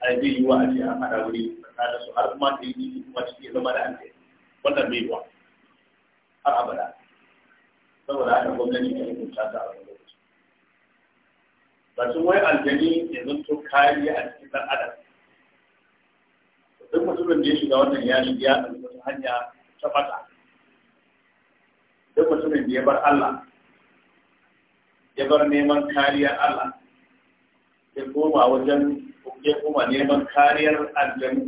ai zai yi wa a ce an haɗa wuri tsakanin su har kuma ta yi ciki kuma ciki ya zama da an wannan bai wa har abada saboda haka gwamnati ta yi kunta ta a wani lokaci batun wai aljani ya zanto kariya a cikin ɗan adam duk mutumin da ya shiga wannan ya shiga ya ɗauki wata hanya ta fata duk mutumin da ya bar Allah ya bar neman kariya Allah ya koma wajen ya kuma neman kariyar aljanu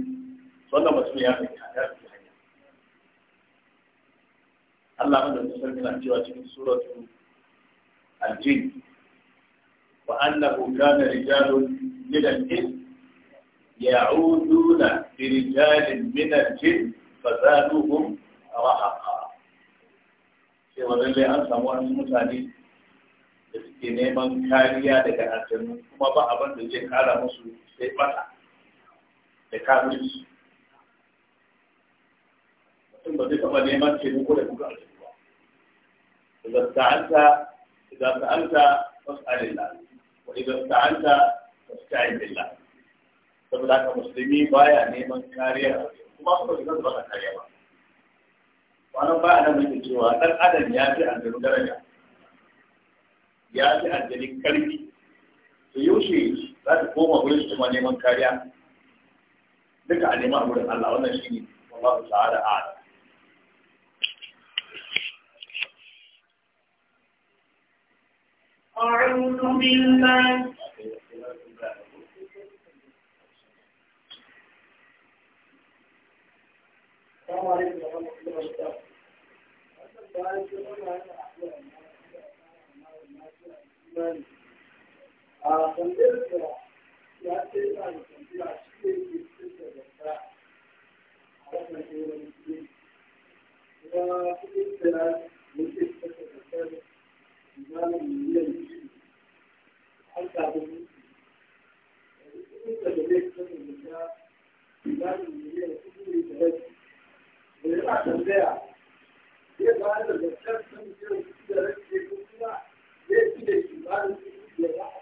wanda mutum ya fi kariya su hanya Allah mun da sarki na cewa cikin suratu aljin wa annahu kana rijalun min al-ins ya'uduna bi rijalin min al-jinn fazaduhum rahaqa sai wannan dai an samu wani mutane da suke neman kariya daga aljanu kuma ba abin da zai kara musu sai bata da kafirci mutum ba zai taɓa neman taimako da kuka aljanu ba idan sa'anta idan sa'anta fas'alillah wa idan sa'anta fas'alin billah saboda haka musulmi baya neman kariya kuma kuma zai ba kariya ba wannan ba a nan cewa dan adam ya fi aljanu daraja ya fi ajalin karfi to yaushe za ta koma wurin su neman kariya duka a neman wurin Allah wannan shi ne wallahu da a'lam أعوذ بالله السلام عليكم ورحمة الله وبركاته a tambayar da ce yana shi ne ke a wannan ɗorin kuɗi kuma kuɗin da muke fitar an samu da ba da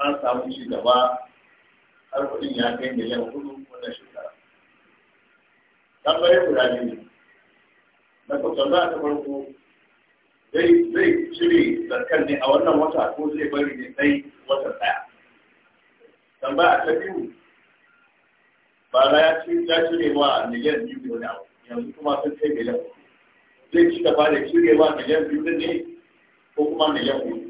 an samu shi gaba har kuɗin ya kai miliyan hudu wannan shekara. Tambaye guda biyu. Na kusan za ta farko zai zai cire zarkar ne a wannan wata ko zai bari ne sai wata ɗaya. Tambaya ta biyu bara ya ci ya cire wa miliyan biyu da wani abu yanzu kuma sun kai miliyan zai ci gaba da cire wa miliyan biyu ne ko kuma miliyan hudu.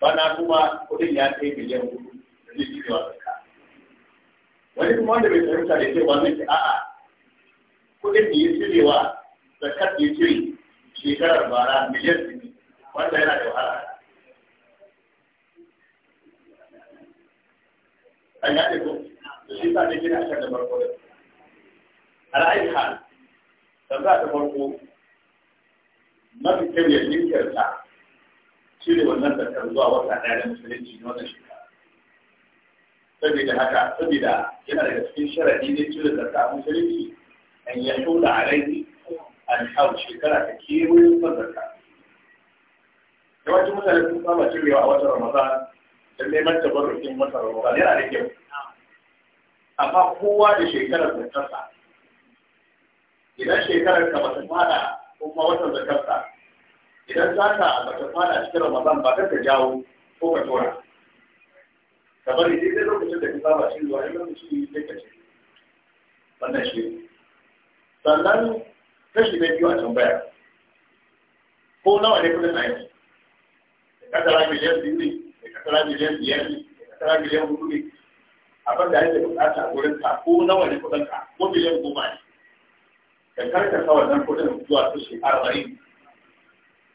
bana kuma kudin ya kai miliyan hudu da zai ci zuwa zakka wani kuma wanda bai fahimta da cewa zai ce a'a kudin da ya cirewa zakkar da ya cire shekarar bara miliyan ɗari wanda yana da wahala an ya ce ko da shi sa ne gina a kan da farko da a ra'ayi hal tambaya ta farko mafi kyau ya jinkirta cire wannan zakar zuwa wata ɗaya da musulunci na wannan shekara saboda haka saboda yana daga cikin sharadi ne cire zakka musulunci an ya a alaihi an hau shekara ta kewayo son zakka yawancin mutane sun saba cirewa a watan ramadan don neman tabarrukin watan ramadan yana da kyau amma kowa da shekarar zakarsa idan shekarar ka ba ta fada kuma watan zakarsa idan za ka ta fara cikin ramadan ba ta jawo ko ka tora ka bari dai lokacin da ka saba shi zuwa idan shi sai ka ce wannan shi sannan kashi na biyu a tambaya ko nawa ne kudin aiki da kasara miliyan biyu ne da kasara miliyan biyar ne da kasara miliyan hudu ne abin da ake bukata a wurin ka ko nawa ne kudin ka ko miliyan goma ne da karkasa wannan kudin zuwa kashi arba'in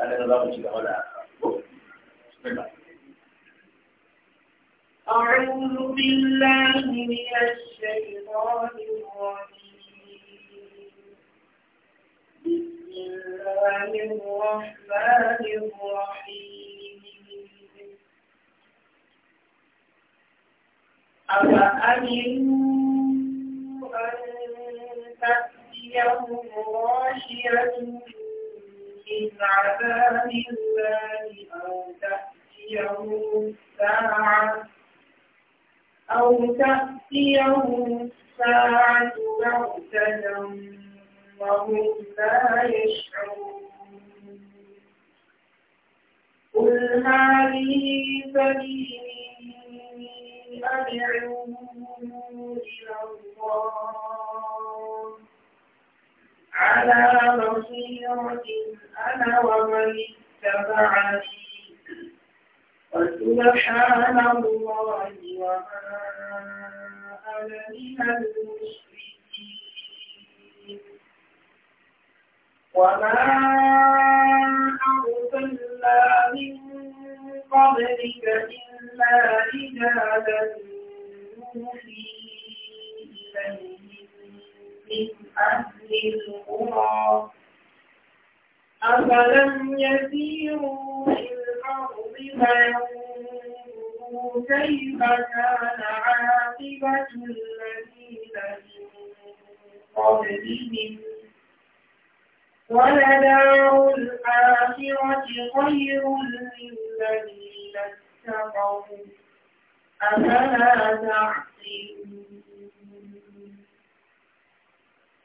هذا نظام الشيء ولا أعوذ بالله من الشيطان الرجيم بسم الله الرحمن الرحيم أفأمنوا أن تأتيهم غاشية من عذاب الله أو تأتيهم الساعة أو تأتيهم الساعة بغتة وهم لا يشعرون قل هذه سبيلي أدعو إلى الله على بصيرة أنا ومن اتبعني وسبحان الله وما أنا من المشركين وما أرسلنا من قبلك إلا رجالا نوحي إليهم من أهل القرى أفلم يسيروا في الأرض فينظروا كيف كان عاقبة الذين من قبلهم ولدار الآخرة خير للذين اتقوا أفلا تعقلون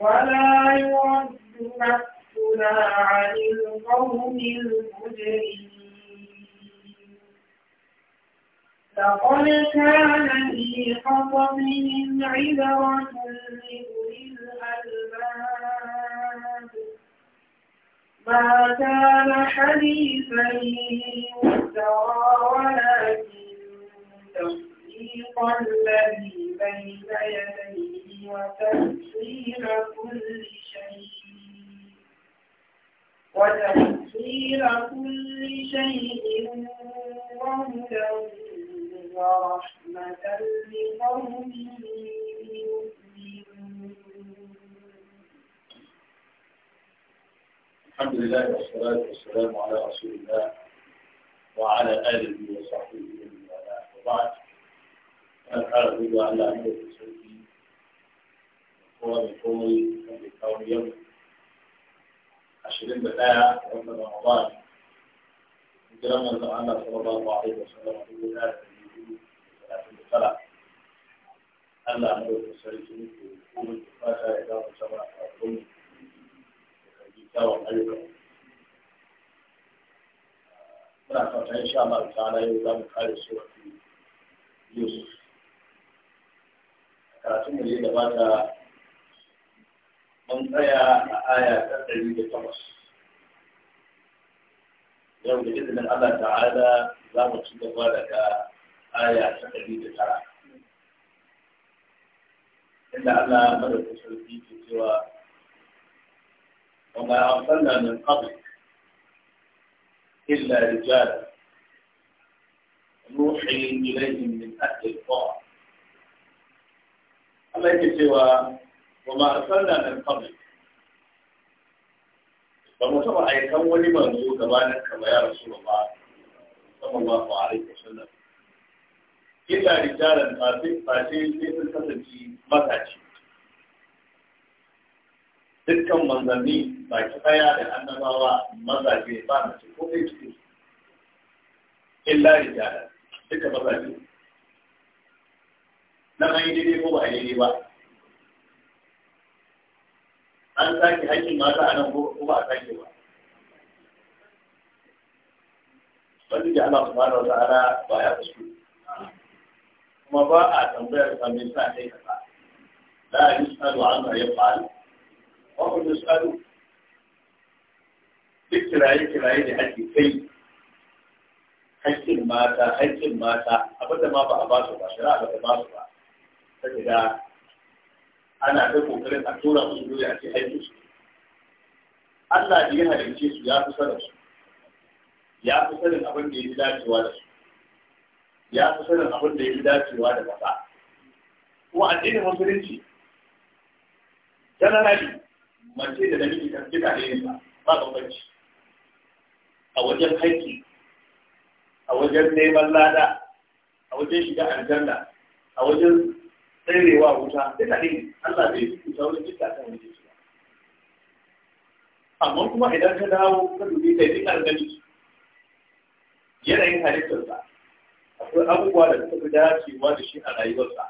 ولا يرد بأسنا عن القوم المجرمين لقد كان في قصصهم عبرة لأولي الألباب ما كان حديثا يفترى ولكن وتفريق الذي بين يديه وتفصيل كل شيء وتفصيل كل شيء وهدى ورحمة لقوم الحمد لله والصلاة والسلام على رسول الله وعلى آله وصحبه ومن والاه وبعد ya ƙara zuwa Allah ne da sauki kowa da komai wanda kawo yau ashirin da ɗaya wanda Ramadan hijiran manzon Allah sallallahu alaihi wasallam dubu ɗaya da dubu talatin da tara Allah ne da sarki ne ke komai da fata ya gafa sama a kuma da karbi kyawun ayyukan muna fata insha Allah ta'ala yau za mu kare su Yusuf karatun da ya gabata mun tsaya a aya ta ɗari da takwas yau da izinin Allah ta'ala za mu ci gaba daga aya ta ɗari da tara inda Allah madaukakin sarki ke cewa وما أرسلنا من قبلك إلا رجالا نوحي إليهم من أهل القرى الله يجيوا وما أرسلنا من قبل فمتوى أي كم ولي منزو كمان كما يا رسول الله صلى الله عليه وسلم إلا رجالا فاسد فاسد في سلسلة دي ما تأتي تلك المنزمي ما يتقيا لأن الله ما تأتي فاسد كوفي تكي إلا رجالا من مزاجين na an yi daidai ko ba a daidai ba an sake haƙƙin mata a nan ko ba a sake ba wani da Allah subhanahu wa ta'ala ba ya fushi kuma ba a tambayar sa me sa kai kaza la yusalu an ma yafal wa hum yusalu duk kiraye kiraye da ake kai haƙƙin mata haƙƙin mata abinda ma ba a ba su ba shari'a ba ta ba su ba saboda ana ta kokarin a tura su dole a ce aiki su Allah da ya halicce su ya fi sanin su ya fi sanin abin da ya fi dacewa da su ya fi sanin abin da ya fi dacewa da ƙasa kuma addinin musulunci generally mace da namiji kan fi tare ne ba bambanci a wajen haƙƙi a wajen neman lada a wajen shiga aljanna a wajen tsarewa wuta duka ne Allah zai yi wuta wurin duka kan wuce su amma kuma idan ka dawo ka dubi kai duka gani yanayin halittarsa akwai abubuwa da suka fi dacewa da shi a rayuwarsa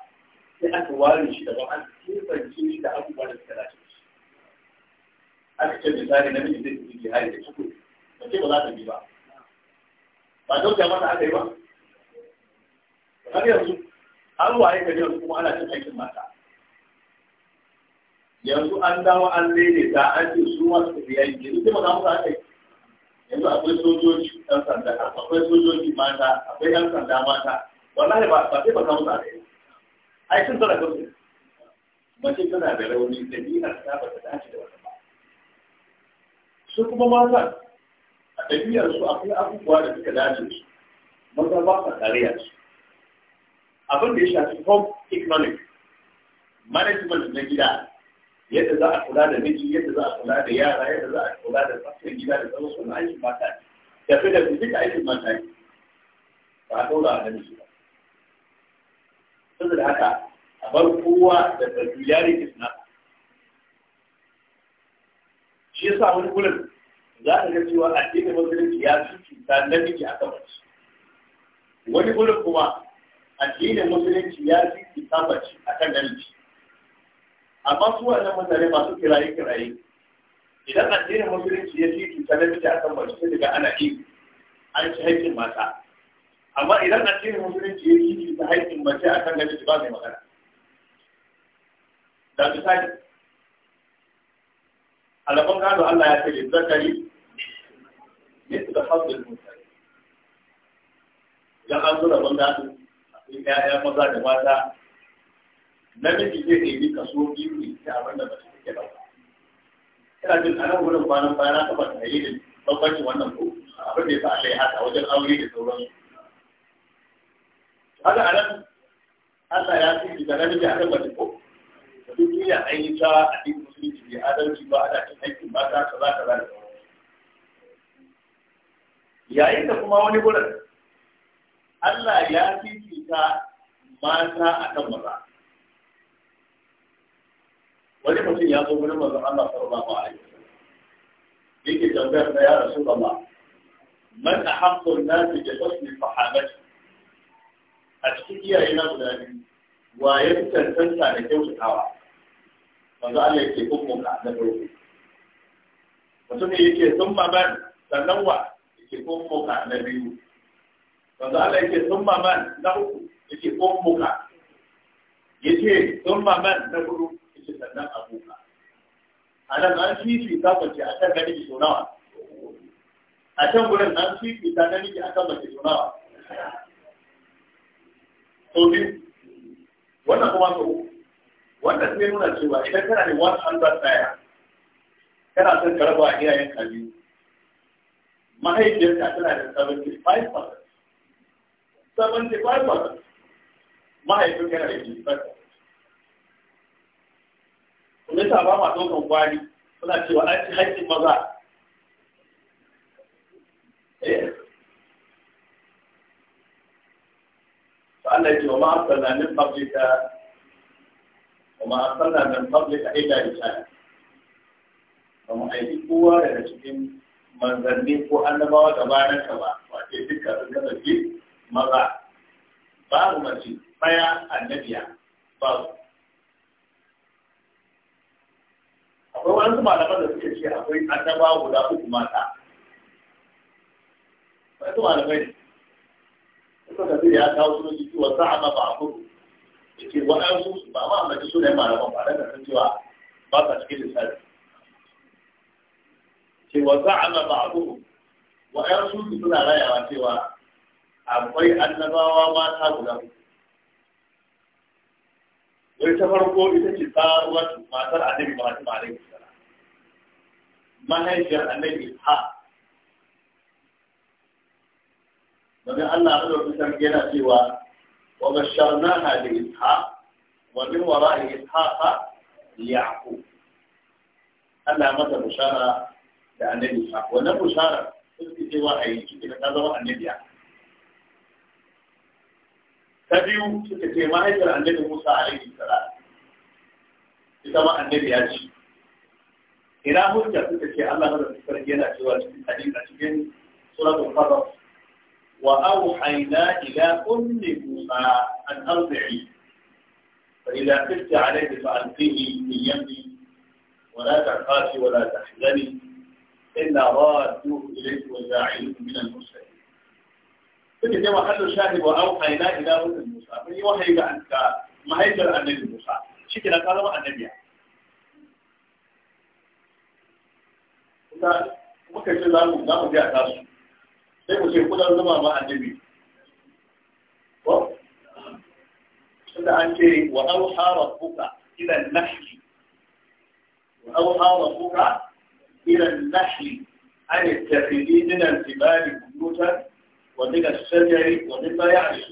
sai aka ware shi daban an kebance shi da abubuwa da suka dace shi aka ce misali na miji zai fi hali da cikin mace ba za ta bi ba ba dauka mata aka yi ba kamar yanzu Har waye gari yanzu kuma ana cin aikin mata yanzu an dawo an daidaita an ce su masu tafiya yanzu ba maza musu aka yanzu akwai sojoji ɗan sanda akwai sojoji mata akwai ɗan sanda mata wallahi ba ba sai ba samu ne ai sun tsara kansu mace tana da rauni da na ta ba ta dace da wata ba su kuma mata a tafiyar su akwai abubuwa da suka dace su maza ba sa tsariya su abin da ya shafi home economic management na gida yadda za a kula da miji yadda za a kula da yara yadda za a kula da tsaftar gida da sauran suna aikin mata ne tafi da fi duka aikin mata ne ba a daura a ganin su ba saboda haka a bar kowa da familiarity na shi ya sa wani gurin za ka ga cewa da musulunci ya fi cuta miji a kan wani gurin kuma addinin musulunci ya fi kitabaci a kan dalili amma su wannan mutane masu kiraye kiraye idan addinin musulunci ya fi kitabaci a kan mace sai daga ana yi an ci haƙƙin mata amma idan addinin musulunci ya fi ta haƙƙin mace a kan dalili ba mai magana da misali alaban gado Allah ya ce zakari da حظ Ya إذا أنظر من ذاته 'ya'ya maza da mata namiji zai ɗebi kaso biyu ne ta abin da mace take ɗauka. Ina jin anan wurin kwanan baya na taɓa tare da bambancin wannan ko abin da ya sa Allah ya haka wajen aure da sauran sauransu. Haka anan Allah ya fi da namiji a mace ko? Da duk duniya an yi ta a cikin musulunci bai adalci ba ana cin aikin mata kaza kaza da sauransu. Yayin da kuma wani wurin Allah ya fifita mata a kan maza wani mutum ya zo wani manzon Allah sallallahu alaihi wasallam yake tambayar da ya rasulullah man ahaqqu an-nas bi husni sahabati a cikin iyaye na guda biyu wa ya fi tantanta da kyautatawa manzo Allah yake hukunka da dauki mutum yake sun maman sannan wa yake hukunka na biyu wanda Allah yake sun maman na uku yake ummuka yace sun maman na hudu yake sannan abuka a nan an fifi ta kwace a kan gani so nawa a can gurin an fifi ta gani a kan mace so nawa so biyu wannan kuma so uku wannan sai nuna cewa idan kana da hanzar ɗaya. kana son karaba iyayen kabilu mahaifiyarka tana da 75 75% mahaifin yana da 25% kuma ta ba ma ɗaukan kwari suna cewa an ci haƙƙin maza eh. Allah ya ce wa ma'asalla min qablika wa ma'asalla min qablika illa risalah ba mu aiki kowa daga cikin manzanni ko annabawa gabanin ka ba wace duka sun kasance maza babu mace baya annabiya su. akwai wani malaman da suke ce akwai annaba guda uku mata wani malamai suka tafi ya kawo suna jiki wasu a ba a kudu da ke waɗansu ba ma amince su ne malaman ba don kasan cewa ba sa cikin lissafi ce wa a maba a kudu waɗansu suna rayawa cewa akwai annabawa mata guda wai ta farko ita ce tsaruwar matar annabi Ibrahim alaihi salam mahaifiyar annabi ha domin Allah ya rubuta sarki yana cewa wa basharnaha da ishaq wa min wara'i ishaq yaqub Allah mata bushara da annabi ishaq wannan bushara sun ce wa ayi cikin ta zama annabi yaqub ta biyu suka ce mahaifiyar annabi Musa alaihi salam ita ma annabi ya ce ina hujja suka ce Allah na da sarki yana cewa cikin a cikin suratul qadar wa awhayna ila ummi Musa an ardi'i fa idza khifti alayhi fa alqihi min yamni ولا تخافي ولا تحزني إلا رادوه إليك وجاعلوه من المرسلين suka ce mahallu shahid wa auhayna ila rusul musa mun yi wahayi ga anka mahaifiyar annabi musa shi ke na ka zama annabiya kuma muka ce za mu za mu je a tasu sai mu ce kudan zama ma annabi ko tunda an ce wa auha rabbuka ila an-nahli wa auha rabbuka ila an-nahli an ittakhidhi min al-jibali buyutan وذكر الشجع ومما يعني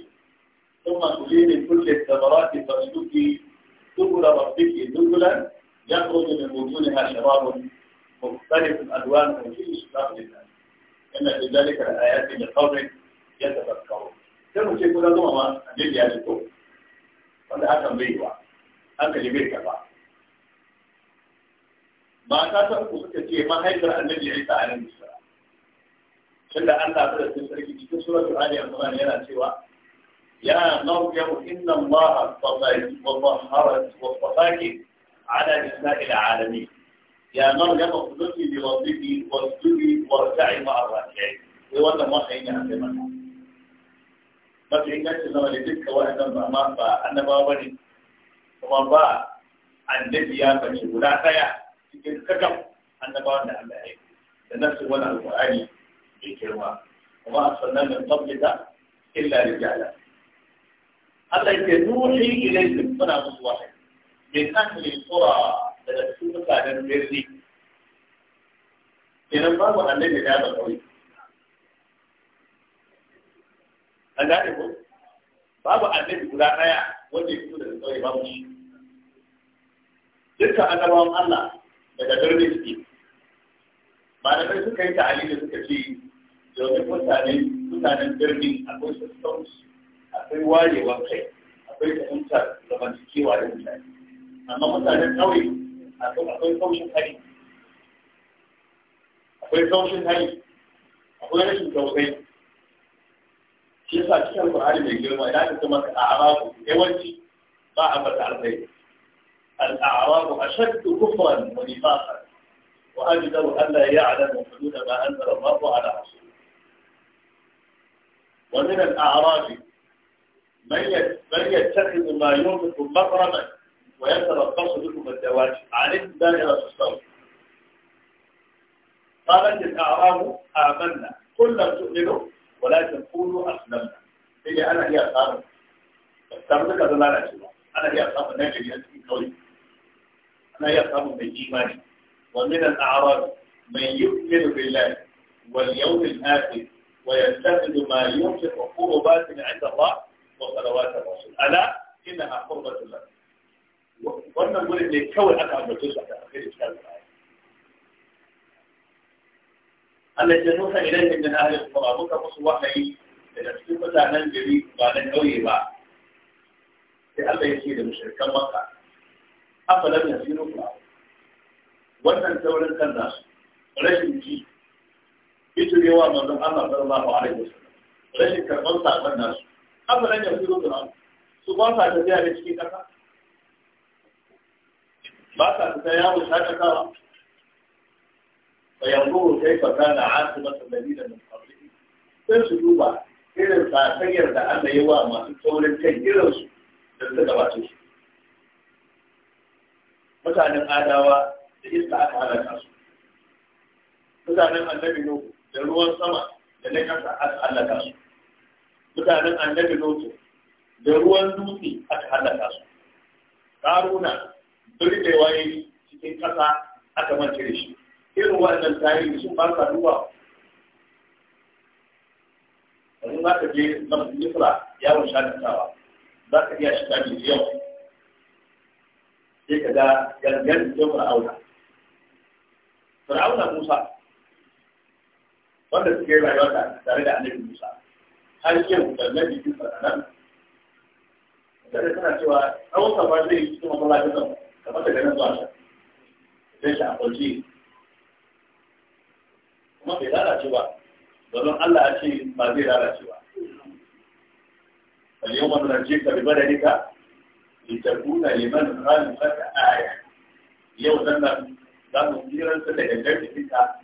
ثم تجيب كل الثمرات فاسلك سبل ربك سبلا يخرج من وجودها شراب مختلف الالوان في اشباق الناس ان في ذلك الايات لقوم يتفكرون كم ما لا دوما جل جلاله قد حكم بيوا أنت اللي بيت كفا ما كاتب قصة كتير ما هيدر النبي عيسى عليه السلام إلا أن أبدأ ان سرقه في سورة عالية ان يلا سوى يا مريم إن الله اصطفيت ان واصطفاك على نساء العالمين ان مريم اقتدي بربك واسجدي ان مع الراكعين يقول لهم ان يجي عند من ما ان عندك نوع لتلك واحد ان ما أنا ما بني ان با عن نبي يا ان ولا سيا كذب أنا ان أنا عليه النفس ولا القرآن mai girma kuma a sannan min da illa rijala Allah yake nuhi ilayhim muna musu wahayi min ahli qura daga cikin mutanen birni kenan babu annabi da ba kawai A gane ko babu annabi guda ɗaya wanda ya fito daga kawai babu shi dukkan annabawan Allah daga Ba suke kai suka yi ta'ali da suka ce mutanen mutanen birnin akwai sassauci akwai warewar kai akwai fahimtar zamantakewa da mutane amma mutanen ƙauye akwai kaushin hali akwai kaushin hali akwai rashin tausayi shi yasa cikin Qur'ani mai girma ya ta maka a'rabu yawanci ba a bata alkai al-a'rabu ashaddu kufran wa nifaqan wa ajdaru an la ya'lamu hudud ma anzala Allahu ala rasul ومن الأعراب من يتخذ ما ينفق مقربا ويتربص بكم الزواج عليكم دائرة الصوت قالت الأعراب آمنا قل لم تؤمنوا ولا تقولوا أسلمنا هي أنا هي أصحاب أستمرك دلالة شباب أنا هي أصحاب النجم أنا هي أصحاب من إيماني ومن الأعراب من يؤمن بالله واليوم الآخر ويتخذ ما ينفق قربات عند الله وصلوات الرسول ألا إنها قربة لك وأنا أقول إن الكون أكبر من جزء أخير إشكال الآية أن الجنوح إليه من أهل القرى مكبص وحي إلى سلطة من جريب بعد في لأن يسير المشرك الوقع أفلم يسير الله وأنا أقول إن الناس ولكن جيد bijirewa manzon Allah sallallahu alaihi wasallam rashin karban sakon nasu haka nan ya fito da su ba sa tafiya da cikin kasa ba sa mu fita yawo shakatawa sai كيف كان عاقبة الذين من قبلهم sai su duba irin sakayyar da Allah ya wa masu taurin kan irinsu da suka gabace shi mutanen adawa da iska aka halaka su mutanen annabi nuhu da ruwan sama da na kasa aka halaka su mutanen annabi lotu da ruwan dutse aka halaka su ƙaruna birgewa waye cikin ƙasa aka mace da shi irin wannan tarihi sun ba sa duba Wani za ka je na misra yawon shakatawa za ka iya shiga miliyan sai ka ga gangan da fir'auna fir'auna musa wanda suke rayuwa tare da annabi Musa har yau da nabi Musa nan da suna cewa tsawon safar zai yi cikin mamalafin nan kamar daga ganin zuwa can sai shi a kwanci kuma bai lalace ba domin Allah ya ce ba zai lalace ba Wani yau اليوم ننجيك ببدنك zan لمن خلقك آية يوم su لم يرى سنة الجنة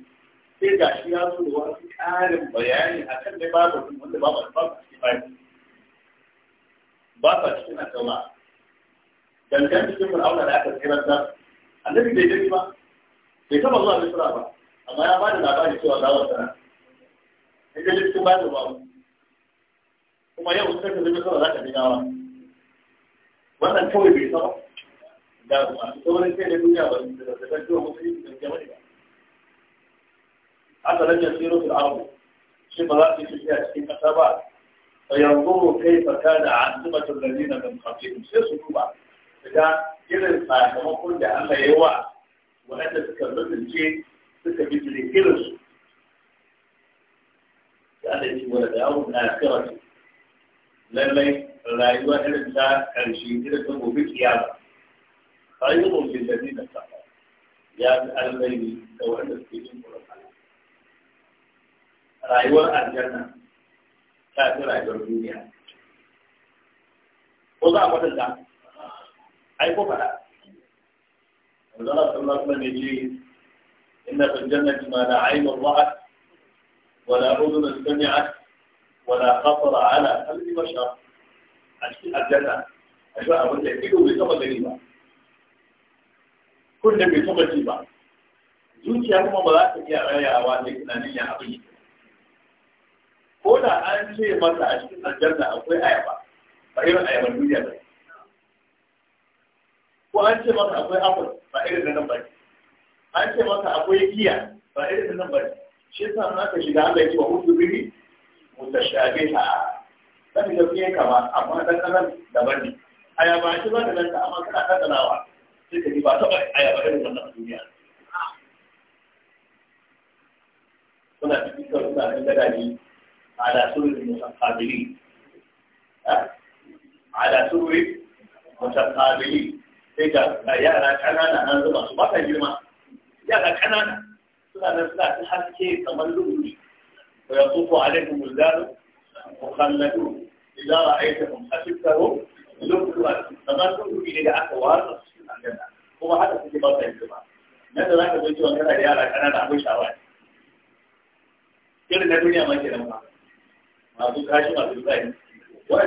sai ga shi ya zo da wasu ƙarin bayani a kan dai babu wanda ba ba ba cikin bayani ba sa cikin akawa dangan cikin fir'auna da aka tsirar da annabi bai gani ba bai taba zuwa misra ba amma ya bada labari cewa za wata ran in ga cikin babu babu kuma yau sai ka zama kawai za ka bi gawa wannan kawai bai saba da masu saurin kai da duniya ba da zaka jiwa musulunci da jama'a haka lam yasiru fil ardh shi ba za su yi a cikin kasa ba fa yanzuru kayfa kana aqibatu alladhina min qablihim sai su duba daga irin sakamakon da Allah ya yi wa waɗanda suka rubuce suka bi da irin su da Allah ya wala da abu na kira lallai rayuwa irin ta karshe irin ta gobe kiyama rayuwar da zai na ya fi almairi da wanda suke yin kuma رايوا الجنة كأس رايوا الدنيا وضع قتل دعم أي قبعة وزلت الله من يجيه إن في الجنة ما لا عين رأت ولا أذن سمعت ولا خطر على قلب بشر أشياء الجنة أشياء أقول لك كله بصفة قريبة كله بصفة قريبة زوجي أقوم بلاك يا رأي أواجهك نانيا حقيقة ko da an ce masa a cikin aljanna akwai ayaba ba irin ayaban duniya ba ko an ce masa akwai apple ba irin na nan ba an ce masa akwai giya ba irin na nan ba shi yasa na ka shiga Allah ya ce wa mutu biri ta. dan da fiye kama amma dan kanan daban ne ayaba shi ba da nan amma kana katsalawa sai ka yi ba taba ayaba irin wannan duniya suna cikin kawai suna cikin gadaji على سرر متقابلين على سرر متقابلين إذا يا ركنا أنا زما صبحا جمعة يا ركنا سنا نزلا تحت كي تملوني ويطوف عليهم الدار مخلدون إذا رأيتهم حسبتهم لقوات تمسكوا في إلى أقوال تصير عندنا هو هذا في بطن الجمعة نزلا كذي جوا كذا يا ركنا أبو شوال كل الدنيا ما كنا masu kashi masu ba yi su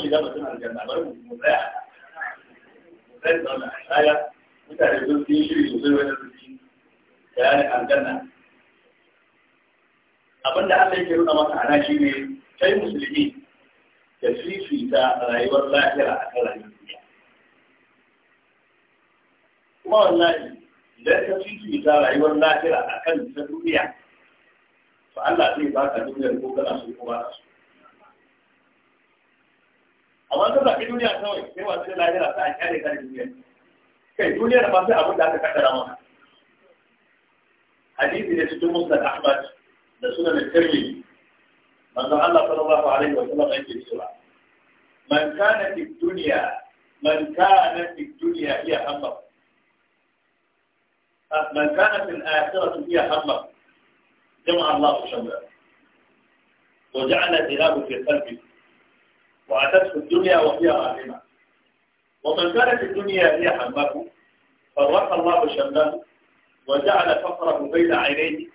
shiga tsaya da mutane sun fi shiri sosai abinda aka yake nuna maka ana shi ne kai musulmi da fifita rayuwar lahira a kan rayuwar duniya kuma wallahi idan ka fifita rayuwar lahira a kan ta duniya to Allah zai ba ka duniyar ko kana so ko ba ka so amma ta zaɓi duniya kawai sai wasu da lahira ta an kyale kan duniya kai duniyar ma sai abin da aka kaddara maka hadisi da cikin musnad ahmad da sunan tirmidhi manzo Allah sallallahu alaihi wa sallam yake cewa man kana fi dunya man kana fi dunya iya hamma من كانت الآخرة هي حظك جمع الله شمله وجعل ذلاب في قلبه وعتدت الدنيا وهي غالمة ومن كانت الدنيا هي حظك فرق الله شمله وجعل فقره بين عينيه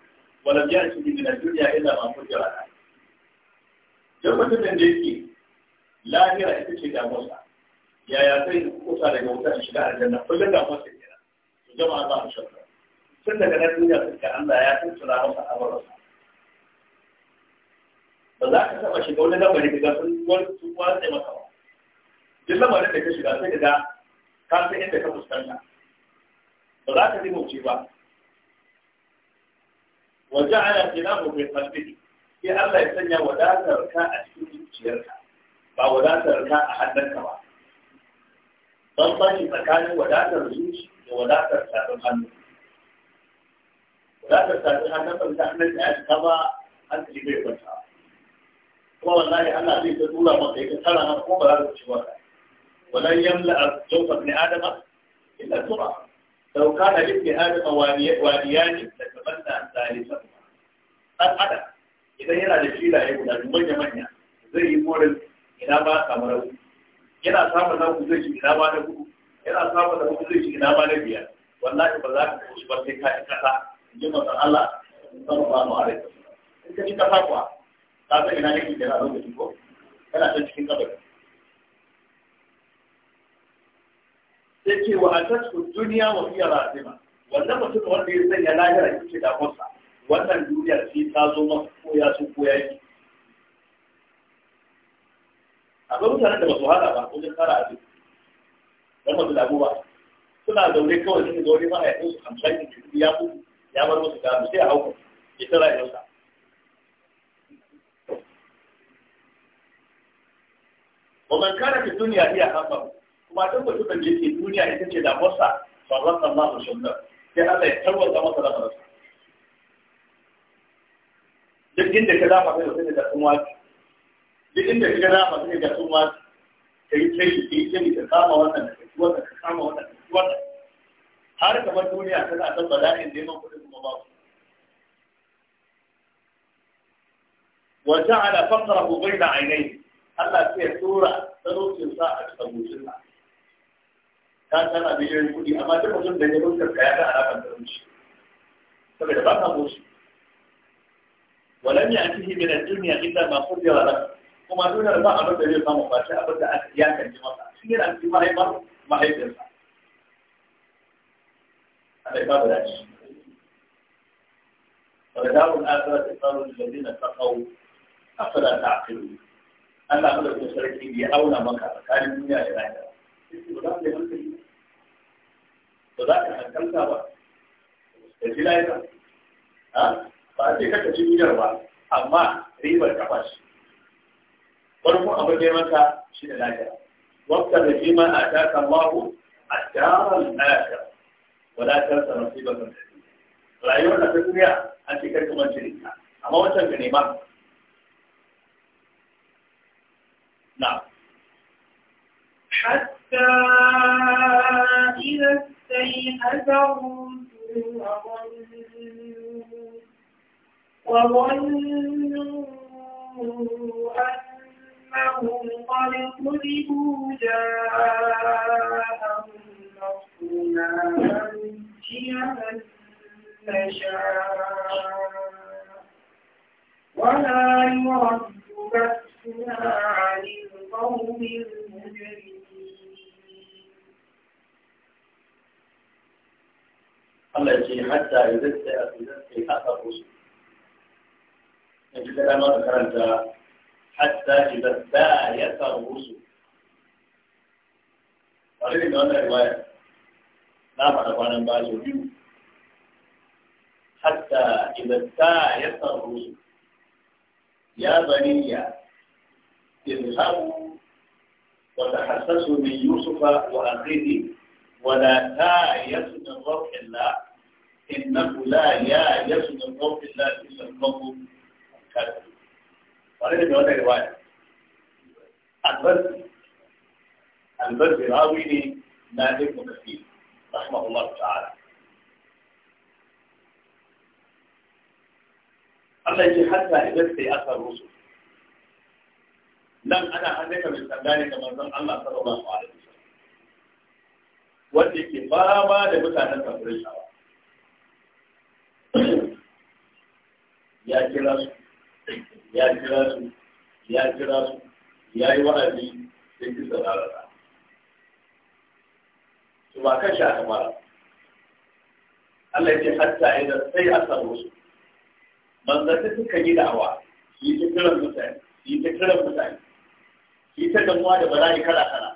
ولم يأتي من الدنيا إلا ما فجر لها جمعة من جيكي لا هي رئيسة إلى موسى يا ياسين أوسى لجوتا إشكال الجنة كل جمعة من جيكي جمع الله شمله tun daga na duniya suka Allah ya tuntura masa amuransa ba za ka taɓa shiga wani lamari daga sun watsa maka ba duk lamarin da ka shiga sai daga ka san inda ka fuskanta ba za ka limauce ba wajen ana kinamu mai kalbi sai Allah ya sanya wadatar ka a cikin zuciyarka ba wadatar ka a hannunka ba ban bashi tsakanin wadatar zuci da wadatar tsarin hannu za ta sami hannun ba ta hannun da ta ba hankali bai kwanta kuma wallahi Allah zai ta tura maka ya tara na kuma ba za ta ci ba walan yamla jawfa ibn adam illa tura لو كان لابن آدم واليان لتمنى ثالثا ɗan adam idan yana da filaye guda manya manya zai yi morin ina ba kamar rauni yana samun ina ba na yana samun na hudu zai ina ba na biyar wallahi ba za ka kashi ba sai ka kasa ji masu Allah sallallahu alaihi wasallam in ka ji kasa kuwa ka san ina yake da lokacin ko kana ta cikin kabari sai ce wa atatu duniya wa a razima wannan mutum wanda ya sanya lahira yake da masa wannan duniyar sai ta zo masa ko ya so ko ya yi akwai mutanen da ba su hada ba wajen tsara abin don ba su damu ba suna zaune kawai sun ga wani mahaifin su hamsin da ya mutu ya bar musu gado sai a hauka ya ta rayuwarsa wa man kana fi duniya hiya hamma kuma duk mutumin je yake duniya ita ce damuwarsa farrasa Allah da shunna sai Allah ya tarwata masa da farrasa duk inda ka dafa kai sai da kuma duk inda ka dafa sai da kuma kai kai kai kai ka kama wannan ka kama wannan ka kama wannan har kamar duniya tana san bala'in neman kuɗin kuma ba su wa ja'ala faqrahu bayna aynayhi Allah sai ya tura talaucin sa a cikin zuciya ka tana biliyoyin kuɗi amma duk mutum da ya rubuta kaya da alaƙar talauci saboda ba ka musu ولم يأته من الدنيا إلا ما قدر له وما دون الماء أبدا يفهم فاشا أبدا أن يأكل جمعه سنين أن يمهي مر مهي بيرسا Allah ya ba da shi wa daul akhirati qalu lil ladina taqaw afala ta'qilun Allah ba da sarki ya auna maka tsakanin duniya da lahira ba za ka hankali ba za ka hankalta da ji ba a ce kaka ba amma ribar abin ka shi da wala ta sa nasiba kan rayuwar da ta duniya an kuma cire amma wancan ka nema na حتى إذا استيأس الرسل وظنوا wani أنهم قد كذبوا جاءهم نصرنا نؤتي من نشاء ولا يرد بأسنا عن القوم المجرمين التي حتى يذكر يذكر حق الرسل إذا كما ذكرت حتى إذا بايت الرسل قريب من الرواية na faɗa kwanan ba su biyu hatta idan ta ya tsaro ya bariya izhabu wa tahassasu min yusufa wa akhihi wa la ta yasna rabbilla innahu la ya ya su yasna rabbilla illa al-mawt kadu wani da wata riwaya albarki albarki rawi ne na ibnu kathir رحمه الله تعالى Allah idan sai aka rusu nan ana hannaka da sanda Allah sallallahu alaihi wasallam wanda yake fama da mutanen kafirin shawa ya kira su ya kira su ya yi wa'azi sai ki to ba kan shi a kamara Allah ya ce hatta idan sai a samu su manzanni suka yi da'awa su yi ta kiran mutane yi ta kiran mutane yi ta damuwa da bala'i kala kala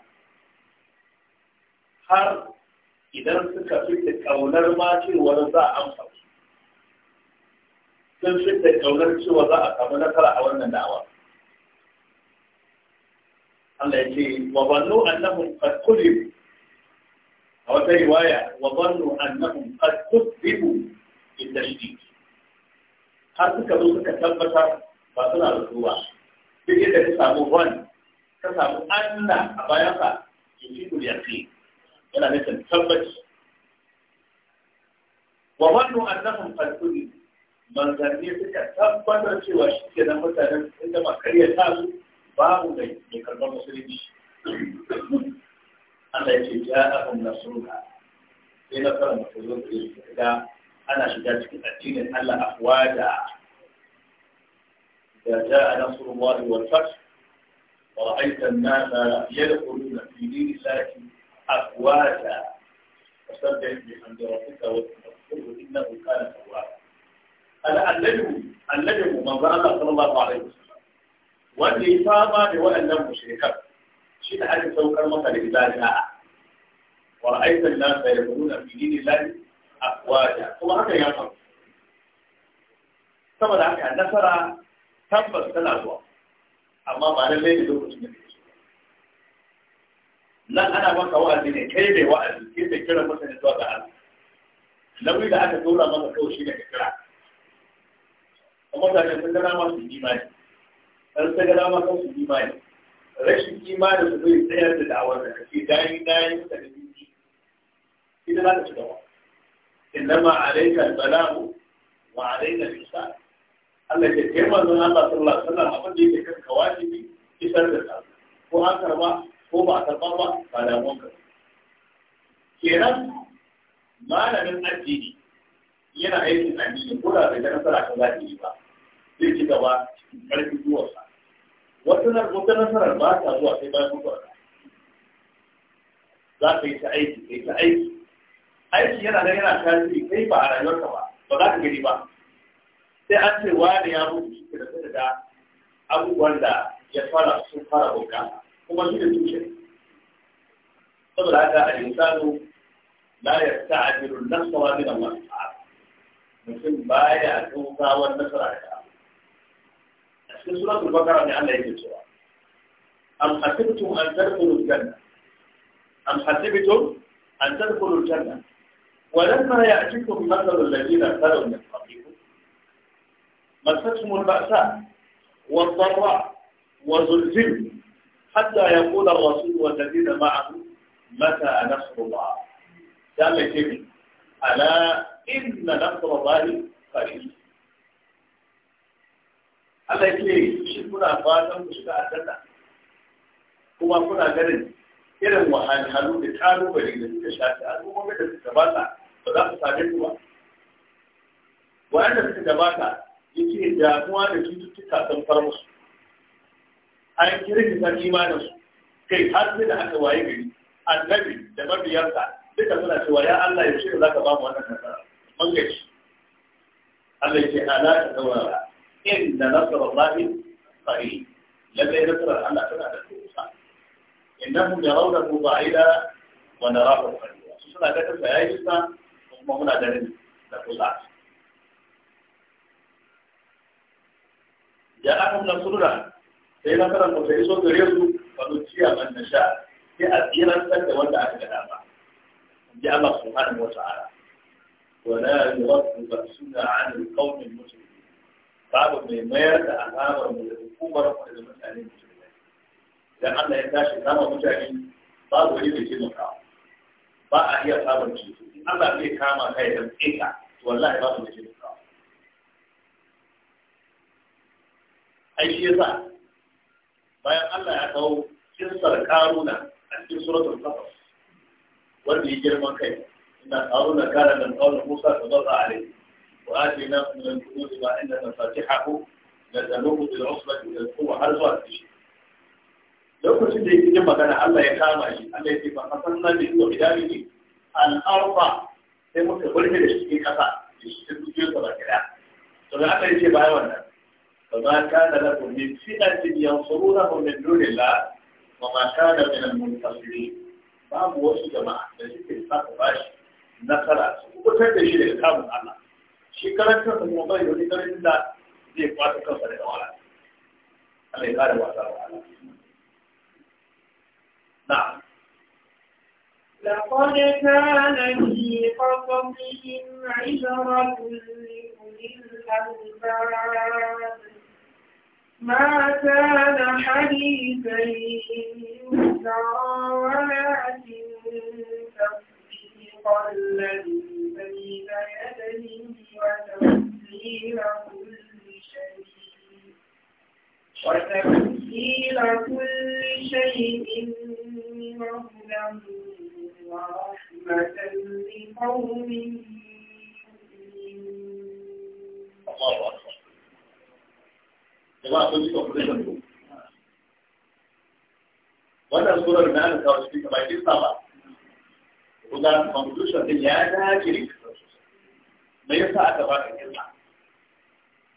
har idan suka fita kaunar ma cewar za a amsa su sun fita kaunar cewa za a samu nasara a wannan da'awa Allah ya ce wa bannu annahum qad kullib wata riwaya wa zannu annahum qad tusbihu bi tashdid har suka zo suka tabbatar ba suna da ruwa duk yadda ka samu wani ka samu Allah a bayan sa yusibu yaqin yana nufin tabbaci wa zannu annahum qad tusbihu manzanni suka tabbatar cewa shi ke nan mutanen sun gama karya ta su babu mai karɓar musulunci التي جاءهم نصرها في نصر المخلوق للفعلاء أنا شجاج كتأتين ألا أفواجا إذا جاء نصر الله والفتح ورأيت الناس يدخلون في دين الله أفواجا فسبح بحمد ربك وتذكره إنه كان أفواجا الذي الذي من ظن صلى الله عليه وسلم والإفاضة وأن المشركات شئت هذه السوكر مثل إجلال ناعة ورأيت الناس يكونون في دين الله أقواجا ثم هكذا يقف ثم دعك أن نفر تنفى الثلاثة أما ما نبين دور النبي لن أنا بك وأذن كيف وأذن كيف كيف مثل إجلال ناعة لو إذا أتى دولة ما تقول شيء كثيرا ثم دعك أن نفر تنفى الثلاثة أن نفر تنفى rashin imanin su zai tsayar da da'awar da kake dayi-dayi mutane biyu idan za ka ci gaba innama alayka al-balagu wa alayna al isa Allah ya kai manzon Allah sallallahu alaihi wasallam abin da yake kanka wajibi isar da ta ko an karba ko ba a karba ba ba damuwar ka kenan malamin addini yana aikin addini ko da bai ga nasara kan zahiri ba zai ci gaba cikin zuwa zuwarsa wata nasarar ba ta zuwa sai bayan mutuwa za ka yi ta aiki kai ta aiki aiki yana da yana tasiri kai ba a rayuwarka ba ba za ka gani ba sai an ce wani ya mutu shi da sai da abubuwan da ya fara sun fara bunka kuma shi da tushe saboda haka a insanu la yasta'jilu an-nasra min Allah mutum baya wani nasara da في سورة البقرة ne Allah yake cewa am hasibtum an tadkhulul janna am hasibtum an tadkhulul ولما يأتيكم مثل الذين خلوا من قبلكم مستهم البأساء والضراء وزلزلوا حتى يقول الرسول والذين معه متى نصر الله قال كيف ألا إن نصر الله قريب Allah yake shi kuna fatan ku shiga aljanna kuma kuna ganin irin wahalhalu da kalubale da suka shafi al'ummomin da suka gabata ba za su same ku ba wanda suka gabata yake damuwa da cututtuka sun far musu an kirkita su. kai har sai da aka waye gari annabi da mabiyarsa duka suna cewa ya Allah ya ce shirya zaka ba mu wannan nasara mun gaci Allah ya ce ala ta dawara إن نصر الله قريب لما نصر الحمد فلا نذكره صعب إنهم يرونه بعيدا ونراه قريبا سنة كتب في وهم هنا دلن نقول عسى جاءهم نصرنا في نصر المفيس الدريس فنجي من نشاء في أثيرا ستكون أهل الأمر جاء الله سبحانه وتعالى ولا يرد بأسنا عن القوم المسلمين babu mai mayar da alamar mu da hukumar mu da mutane da idan Allah ya tashi kama mutane babu wani mai taimaka ba a iya sabon ceto Allah zai kama kai da tsika to wallahi babu mai taimaka ai shi yasa bayan Allah ya kawo kinsar karuna a cikin suratul qasas wanda ya girman kai inna karuna kana da qawlan Musa ta zarra alaihi وآتينا من الكنوز ما عند مفاتحه نزلوه بالعصبة إلى القوة هل زوال في شيء lokacin da yake jin magana Allah ya kama shi Allah ya ce ba kasan nan da yake da ni an arfa sai muka burge da shi cikin kasa da shi cikin dukiyar sa baki daya to da Allah ya ce bayan wannan babu wasu jama'a da suke ku bashi nasara su kubutar da shi daga kamun Allah shi karancin sa kuma bai wani karancin da zai kwata kansa da wala Allah ya kare wasa wa na لقد كان في قصصهم عبرة لأولي الألباب ما كان حديثا يفترى ولكن صراط الذي بين يديه وتمثيل كل شيء وتمثيل كل شيء وهدى ورحمة لقوم الله أكبر الله الله الله أكبر. أكبر. أكبر. الله أكبر. الله أكبر. الله أكبر. الله أكبر. الله أكبر. الله أكبر to that conclusion din ya dace ne me yasa aka ba ka kirma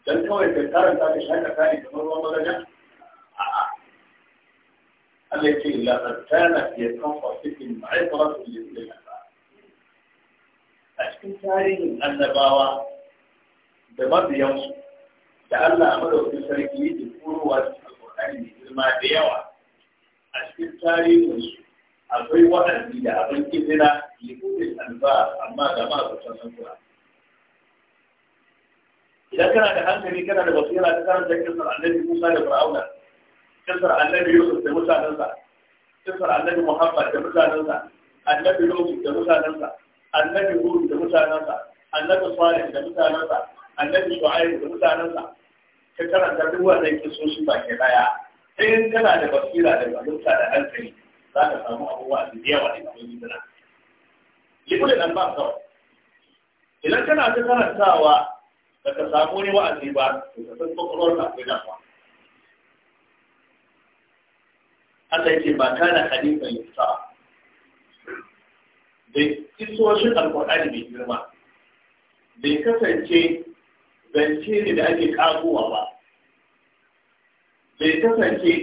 dan kawai ka karanta ka shaka kai da ruwan magaja a'a Allah ya ce la tana ya kan fasikin ma'ibratu lil a cikin tarihin annabawa da mabiyansu da Allah a madaukin sarki yake korowa cikin alƙur'ani mai girma da yawa a cikin tarihinsu akwai wa'azi da abin kizina liqulil albab amma da ma zuciyar hankula idan kana da hankali kana da basira ta karanta kisar annabi Musa da Fir'auna kisar annabi Yusuf da mutanensa kisar annabi Muhammad da mutanensa annabi Lut da mutanensa annabi Hud da mutanensa annabi Salih da mutanensa annabi Shu'aib da mutanensa ka karanta duk wannan kisoshi baki daya in kana da basira da fahimta da hankali za ka samu abubuwa da yawa da kuma yi likulin ba kawai idan kana ta karantawa da ka samu ne wa'azi ba to ka san kwakwalwar ka da damuwa Allah yake ba kana hadisan yusa bai shi alkur'ani mai girma bai kasance zance ne da ake kagowa ba bai kasance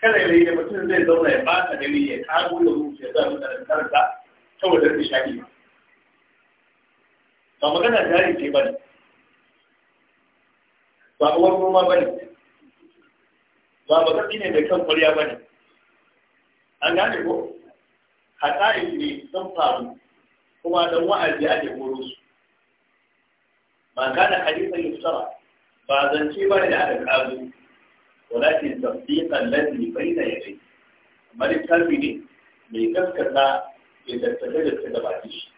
kada da mutum zai zauna ya ba ka gari ya kago da zuciya zai mutane karanta saboda rashin shafi ba ba magana jari ce ba ne ba uwar noma ba ne ba bakatsi ne da kan kwarya ba ne an gane ko hatsari ne sun faru kuma don wa'azi ake koro su ma kana hadisan yusara ba zance ba ne da aka kazo walakin tasdiqan ladhi bayna yadayhi amma littafi ne mai gaskata ke tattare da ta gabace shi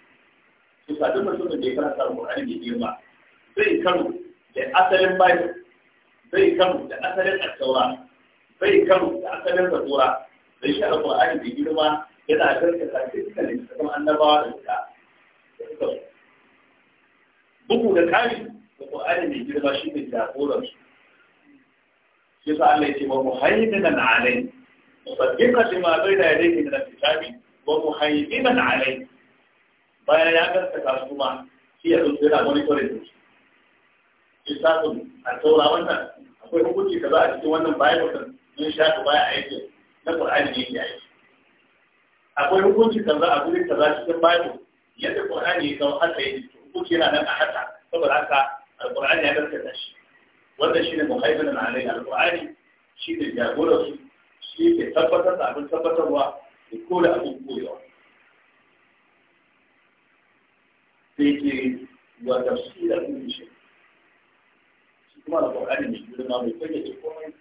su mutumin da ya karanta alƙur'ani mai girma zai karo da asalin bible zai karo da asalin attaura zai karo da asalin zatura da shi alƙur'ani mai girma yana karkata dukkanin cikin annabawa da suka bugu da kari da ƙwa'ani mai girma shi ne jagoran su shi sa Allah ya ce wa muhaiminan alai musaddiqa lima bayna yadayhi min al-kitabi wa muhaiminan alai bayan ya gaskata su shi ya zuci yana monitoring da shi lissafin a taura akwai hukunci kaza a cikin wannan bayan mutum mun sha baya aiki na Qur'ani ne yake aiki akwai hukunci kaza a gurin kaza cikin bayan yadda Qur'ani ya kawo haka hukunci yana nan a Al-Qur'ani ya shi wannan shine muhaiminan alai Al-Qur'ani shi ne jagorar shi ne tabbatar da abin tabbatarwa ya kore abin korewa sai ke wa tafsira ɗin shi shi kuma da ƙwararri mai girma mai fayyace komai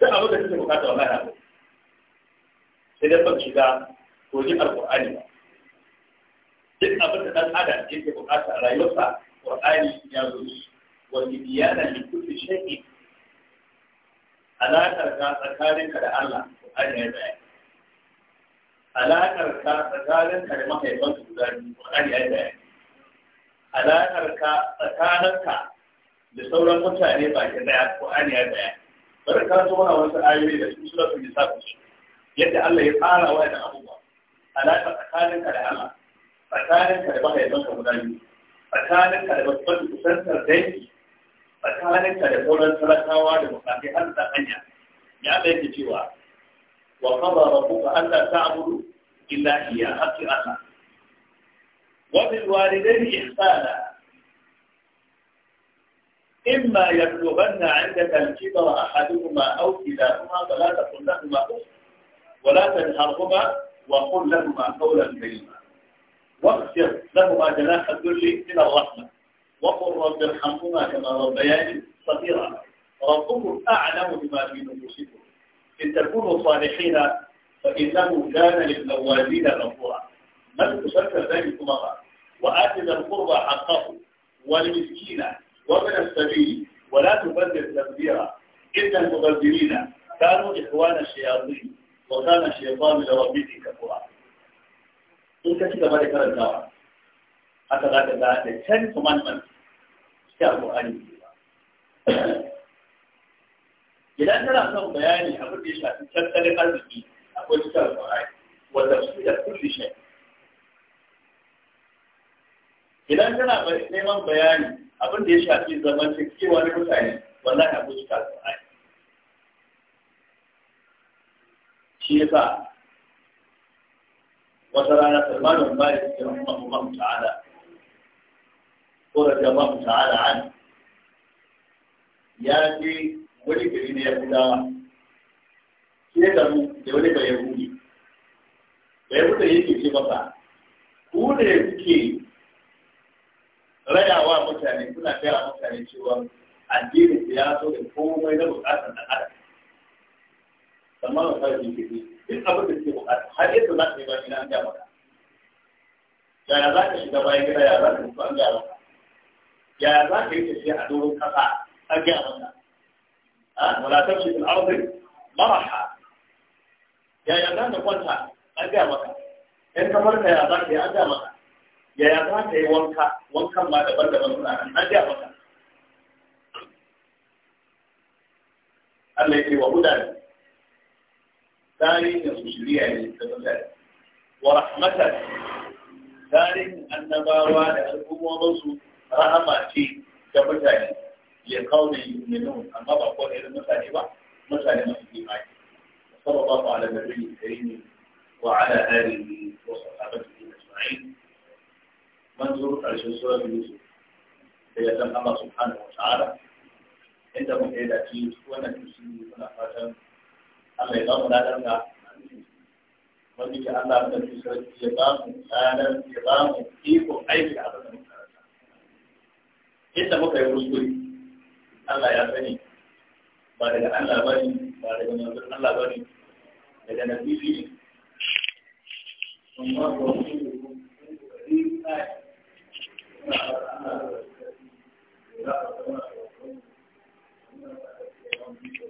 da abin da suke bukata wa mana sai dai ban shiga kogin alƙur'ani ba duk abin da ɗan adam yake bukata a rayuwarsa Al-Qur'ani ya zo shi wani biyana ne kulle shaƙi alaƙar ka tsakaninka da Allah ƙur'ani ya bayani alaƙar ka tsakaninka da mahaifan guda biyu ƙur'ani ya bayani alaƙar ka tsakanin da sauran mutane ba ke daya ƙur'ani ya bayani bari ka zo mana wasu ayoyi da su sura su nisa ku yadda Allah ya tsara wa da abubuwa alaƙa tsakaninka da Allah tsakaninka da mahaifanka ka guda biyu tsakanin da babban kusantar dangi tsakaninka da sauran talakawa da mutane har da hanya ya Allah yake cewa وقضى ربك ألا تعبدوا إلا إياه أكرها وبالوالدين إحسانا إما يبلغن عندك الكبر أحدهما أو كلاهما فلا تقل لهما أف ولا تنهرهما وقل لهما قولا كريما واغفر لهما جناح الذل من الرحمة وقل رب ارحمهما كما ربياني صغيرا ربكم أعلم بما في نفوسكم إن تكونوا صالحين فإنه كان للأوابين غفورا من تسكر ذلك مرة وآت ذا القربى حقه والمسكين ومن السبيل ولا تبذر تبذيرا إن المبذرين كانوا إخوان الشياطين وكان الشيطان لربه كفورا إن ka ci gaba حتى لا haka za من من شاء can idan tana son bayani abin da ya shafi tattalin arziki akwai cikin alƙur'ani wa tafsira kulli shay idan tana neman bayani abin da ya shafi zaman cikewa na mutane wallahi akwai cikin alƙur'ani shi ya yasa wata rana salmanin bayan cikin rahmatullahi ta'ala ko da jama'a ta'ala an ya ce wani ya fi dawa. Shi ya damu da wani bai Yahudi. Bai Yahuda yake ce masa, ku da kuke wa mutane kuna gaya mutane cewa addinin da ya zo da komai na bukatar da adam. amma da ta yi kiri duk abin da suke bukata, har yadda za ka yi ba ina na an gaya maka. Yaya za ka shiga bayan gida, yaya za ka mutu an gaya maka. Yaya za ka yi tafiya a doron kasa an gaya maka. wala tamshi fil ardi maraha ya ya nan da kwanta an ga maka in ka yi an ga maka ya za ka yi wanka wankan ma daban-daban suna nan an ga Allah ce wa hudan tarihin su shirya da mutane wa annabawa da al'ummominsu rahama ce da mutane ya kaune yuminun amma ba ko irin mutane ba mutane masu imani sallallahu ala nabiyyi karim wa ala alihi wa sahbihi ajma'in منظور قرشن سورة يوسف هي دم الله سبحانه وتعالى عند مهيدة تيوس وانا تسيني وانا فاتن الله يضام لا دمنا ولك الله من الفسرة يضام لا يضام فيكم أي في عدد المكارسة إنت مكا يرسولي Allah ya sani ba daga Allah ba ne ba daga manzon Allah ba ne daga nabi ne amma ba su da